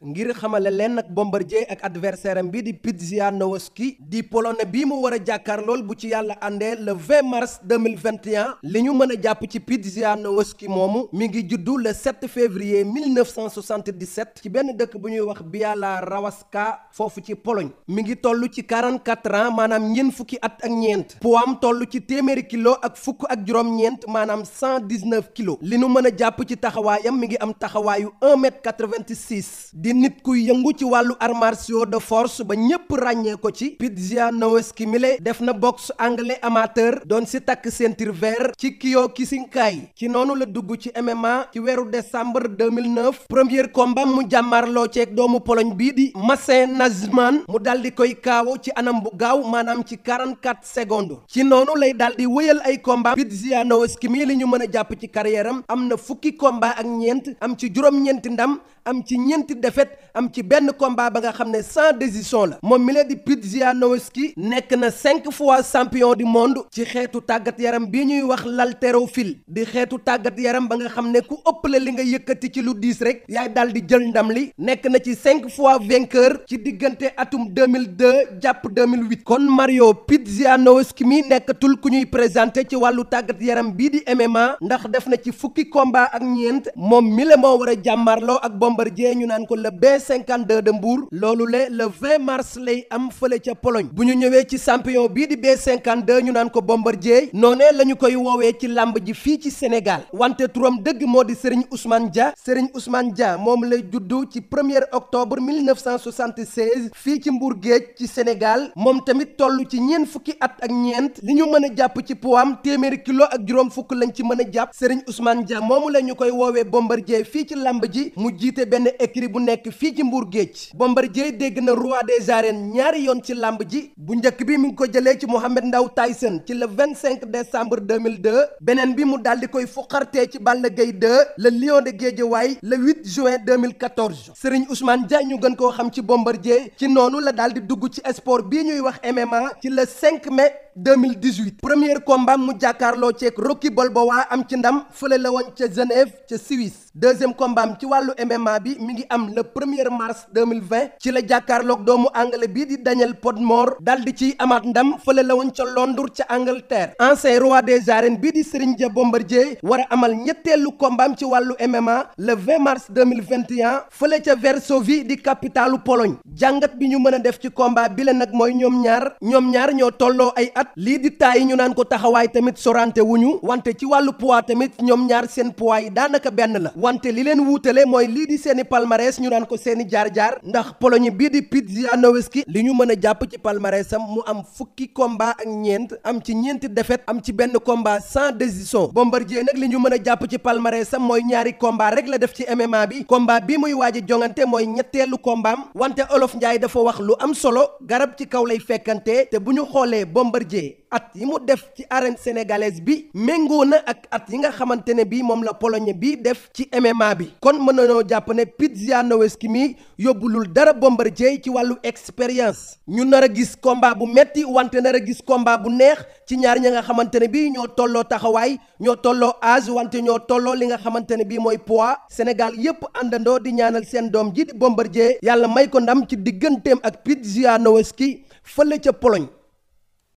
ngir xamale leen ak Bombardier ak adversaire am bi di Pudzianowski di polonais bi mu war a jàkkaar lool bu ci yàlla àndee le 20 mars 2021 li ñu mën a jàpp ci Pudzianowski moomu mi ngi juddu le 7 février 1977 ci benn dëkk bu ñuy wax rawaska foofu ci Pologne mi ngi toll ci 44 ans maanaam ñeent fukki at ak ñeent poids am toll ci téeméeri kilo ak fukk ak juróom-ñeent maanaam 119 kilos li ñu mën a jàpp ci taxawaayam mi ngi am taxawaayu 1 mètre 86. di nit kuy yëngu ci wàllu arts de force ba ñépp ràññee ko ci Pudzianowski mile def na boxe anglais amateur doon si takk ceinture vert ci Kyokushinkai ci noonu la dugg ci MMA ci weeru décembre 2009 premier combat mu jàmmarloo ceeg doomu Pologne bii di Maciej Nazjman mu dal di koy kaawo ci anam bu gaaw maanaam ci 44 secondes ci noonu lay dal di wëyal ay combat Pudzianowski mii li ñu mën a jàpp ci carrière am am na fukki komba ak ñeent am ci juróom ndam am ci ñeenti def défaite am ci benn combat ba nga xam ne sans décision la moom mi leen di Pudzianowski nekk na cinq fois champion du monde ci xeetu tàggat yaram bi ñuy wax l'haltérophile di xeetu tàggat yaram ba nga xam ne ku ëppale li nga yëkkati ci lu diis rek yaay daal di jël ndam li nekk na ci cinq fois vainqueur ci diggante atum 2002 jàpp 2008 kon Mario Pudzianowski mi nekkatul ku ñuy présenté ci wàllu tàggat yaram bii di MMA ndax def na ci fukki combat ak ñeent moom mi la moo war jàmmarloo ak Bombardier ñu naan la B52 de Mbour loolu le le 20 mars lay am fële ca Pologne bu ñu ñëwee ci champion bii di B52 ñu naan ko Bombardier noonee la ñu koy woowee ci làmb ji fii ci Sénégal wante turam dëgg moo di Serigne Ousmane ja Serigne Ousmane Dia moom lay juddu ci 1er octobre 1976 fii ci Mbour géej ci Sénégal moom tamit toll ci ñeent fukki at ak ñeent li ñu mën a jàpp ci poids téeméeri kilo ak juróom fukk lañ ci mën a jàpp Serigne Ousmane Dia moomu la ñu koy woowee Bombardier fii ci làmb ji mu jiite benn écrit bu nekk nekk fii ci mbur géej Bombardier dégg na roi des arènes ñaari yoon ci làmb ji bu njëkk bi mi ngi ko jëlee ci Mohamed Ndao Tyson ci le 25 décembre 2002 beneen bi mu daal di koy fuqartee ci Balla Gaye 2 le lion de Guédiawaye le 8 juin 2014 Serigne Ousmane Diagne ñu gën koo xam ci Bombardier ci noonu la daal di dugg ci sport bii ñuy wax MMA ci le 5 mai. 2018 premier combat mu jàkkaarloo ceeg Rocky Balboa am ci ndam fële la woon ca Genève ca Suisse deuxième combat ci wàllu MMA bi mi ngi am le premier mars 2020 ci la jàkkaarloog doomu anglais bi di Daniel Podmore dal di ciy amaat ndam fële la woon ca Londres ca Angleterre ancien roi des arènes bii di Serigne Dia Bombardier war a amal ñetteelu combat ci wàllu MMA le 20 mars 2021 fële ca Varsovie di capitalu poloñ jàngat bi ñu mën a def ci combat bi la nag mooy ñoom ñaar ñoom ñaar ñoo tolloo ay at. nag lii di taay yi ñu naan ko taxawaay tamit sorante wuñu wante ci wàllu poids tamit ñoom ñaar seen poids yi daanaka benn la wante li leen wuutale mooy lii di seeni palmarès ñu naan ko seeni jaar-jaar ndax Pologne bii di Pudzianowski li ñu mën a jàpp ci palmarèsam mu am fukki combat ak ñeent am ci ñeenti défaite am ci benn combat sans décision Bombardier nag li ñu mën a jàpp ci palmarèsam mooy ñaari combat rek la def ci MMA bi combat bi muy waaj a jongante mooy ñetteelu combat wante Olof Njaay dafa wax lu am solo garab ci kaw lay fekkante bu ñu xoolee Bombardier gisee at yi mu def ci arène sénégalaise bi méngoo na ak at yi nga xamante ne bii moom la Pologne bi def ci MMA bi kon mën nañoo jàpp ne ki mi yóbbulul dara Bombardier ci wàllu expérience ñu nar a gis combat bu metti wante nar gis combat bu neex ci ñaar ña nga xamante ne bii ñoo tolloo taxawaay ñoo tolloo âge wante ñoo tolloo li nga xamante ne bii mooy poids Sénégal yépp àndandoo di ñaanal seen doom ji di Bombardier yàlla may ko ndam ci digganteem ak Pudzianowski fële ca Pologne